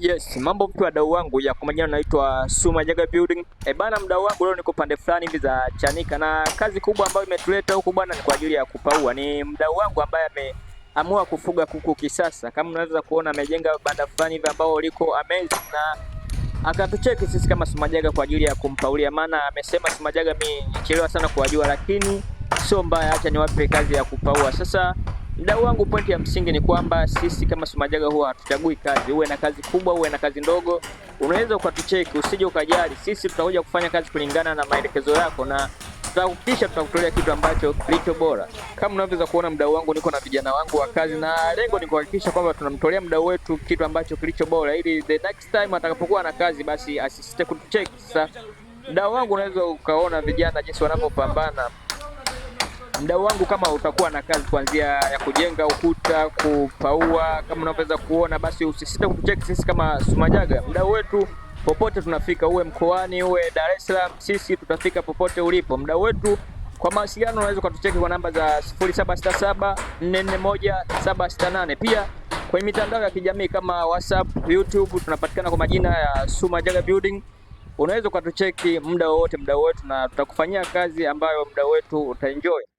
Yes, mambo wa wadau wangu ya kumanyana, naitwa Suma Jaga Building. Eh, bana mdau wangu leo niko pande fulani hivi za Chanika na kazi kubwa ambayo imetuleta huku bwana ni kwa ajili ya kupaua. Ni mdau wangu ambaye ameamua kufuga kuku kisasa. Kama unaweza kuona amejenga banda fulani hivi ambao liko amazing na akatucheki sisi kama Sumajaga kwa ajili ya kumpaulia, maana amesema Sumajaga, mimi nichelewa sana kuwajua, lakini sio mbaya, acha niwape kazi ya kupaua. Sasa Mdau wangu, pointi ya msingi ni kwamba sisi kama Sumajaga huwa hatuchagui kazi, uwe na kazi kubwa, uwe na kazi ndogo, unaweza ukatucheki, usije ukajali. Sisi tutakuja kufanya kazi kulingana na maelekezo yako na tutahakikisha tutakutolea kitu ambacho kilicho bora. Kama unavyoweza kuona, mdau wangu, niko na vijana wangu wa kazi, na lengo ni kuhakikisha kwamba tunamtolea mdau wetu kitu ambacho kilicho bora, ili the next time atakapokuwa na kazi, basi asisite kutucheki. Sasa mdau wangu, unaweza ukaona vijana jinsi wanavyopambana Mdau wangu, kama utakuwa na kazi kuanzia ya kujenga ukuta, kupaua, kama unavyoweza kuona, basi usisite kutucheki sisi kama Sumajaga, mdau wetu popote tunafika, uwe mkoani, uwe Dar es Salaam, sisi tutafika popote ulipo, mdau wetu. Kwa mawasiliano unaweza ukatucheki kwa namba za 0767 768. Pia kwenye mitandao ya kijamii kama WhatsApp, YouTube tunapatikana kwa majina ya Sumajaga Building. Unaweza ukatucheki muda wowote mdau wetu, na tutakufanyia kazi ambayo mdau wetu utaenjoy.